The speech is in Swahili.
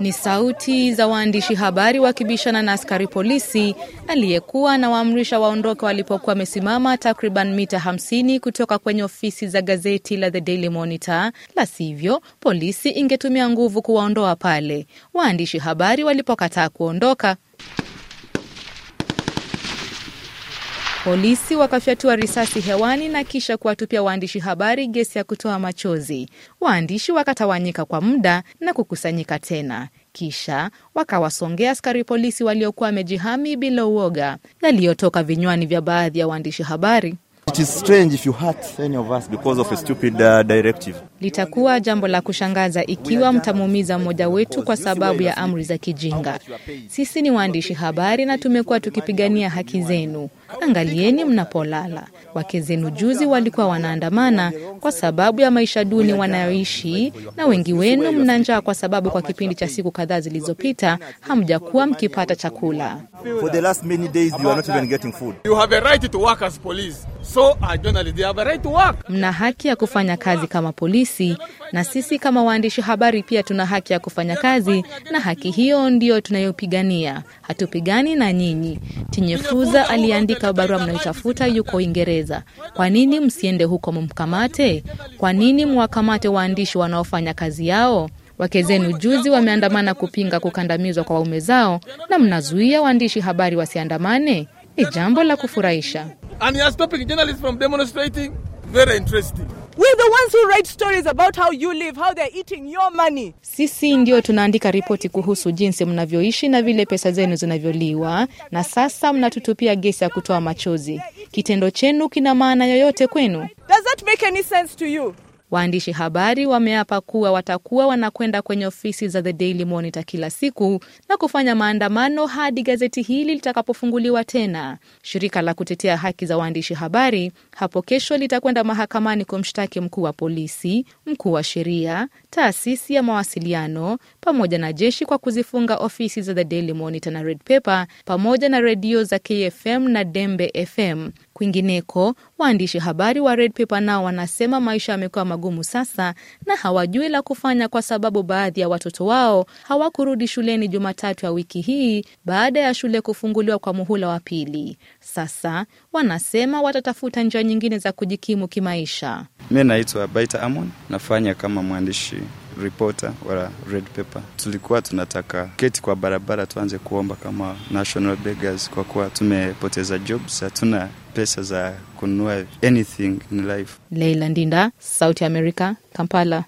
Ni sauti za waandishi habari wakibishana na askari polisi aliyekuwa anawaamrisha waondoke walipokuwa wamesimama takriban mita 50 kutoka kwenye ofisi za gazeti la The Daily Monitor, la sivyo polisi ingetumia nguvu kuwaondoa pale. Waandishi habari walipokataa kuondoka Polisi wakafyatua risasi hewani na kisha kuwatupia waandishi habari gesi ya kutoa machozi. Waandishi wakatawanyika kwa muda na kukusanyika tena, kisha wakawasongea askari polisi waliokuwa wamejihami bila uoga, yaliyotoka vinywani vya baadhi ya waandishi habari. It is strange if you hurt any of us because of a stupid uh, directive. Litakuwa jambo la kushangaza ikiwa mtamuumiza mmoja wetu kwa sababu ya amri za kijinga. Sisi ni waandishi habari na tumekuwa tukipigania haki zenu. Angalieni mnapolala. Wake zenu juzi walikuwa wanaandamana kwa sababu ya maisha duni wanayoishi, na wengi wenu mna njaa kwa sababu kwa kipindi cha siku kadhaa zilizopita hamjakuwa mkipata chakula. Mna haki ya kufanya kazi kama polisi sisi, na sisi kama waandishi habari pia tuna haki ya kufanya kazi, na haki hiyo ndiyo tunayopigania. Hatupigani na nyinyi. Tinyefuza aliandika barua mnayotafuta, yuko Uingereza. Kwa nini msiende huko mumkamate? Kwa nini mwakamate waandishi wanaofanya kazi yao? Wake zenu juzi wameandamana kupinga kukandamizwa kwa waume zao, na mnazuia waandishi habari wasiandamane. Ni jambo la kufurahisha. And stopping journalists from demonstrating. Very interesting. We're the ones who write stories about how you live, how they're eating your money. Sisi ndio tunaandika ripoti kuhusu jinsi mnavyoishi na vile pesa zenu zinavyoliwa, na sasa mnatutupia gesi ya kutoa machozi. Kitendo chenu kina maana yoyote kwenu? Does that make any sense to you? Waandishi habari wameapa kuwa watakuwa wanakwenda kwenye ofisi za The Daily Monitor kila siku na kufanya maandamano hadi gazeti hili litakapofunguliwa tena. Shirika la kutetea haki za waandishi habari hapo kesho litakwenda mahakamani kumshtaki mkuu wa polisi, mkuu wa sheria, taasisi ya mawasiliano pamoja na jeshi kwa kuzifunga ofisi za The Daily Monitor na Red Pepper pamoja na redio za KFM na Dembe FM Kwingineko, waandishi habari wa Red Paper nao wanasema maisha yamekuwa magumu sasa na hawajui la kufanya, kwa sababu baadhi ya watoto wao hawakurudi shuleni Jumatatu ya wiki hii baada ya shule kufunguliwa kwa muhula wa pili. Sasa wanasema watatafuta njia nyingine za kujikimu kimaisha. Mi naitwa Baita Amon, nafanya kama mwandishi reporter wa red paper. Tulikuwa tunataka keti kwa barabara, tuanze kuomba kama national beggars, kwa kuwa tumepoteza jobs, hatuna pesa za kununua anything in life. Leila Ndinda, Sauti america Kampala.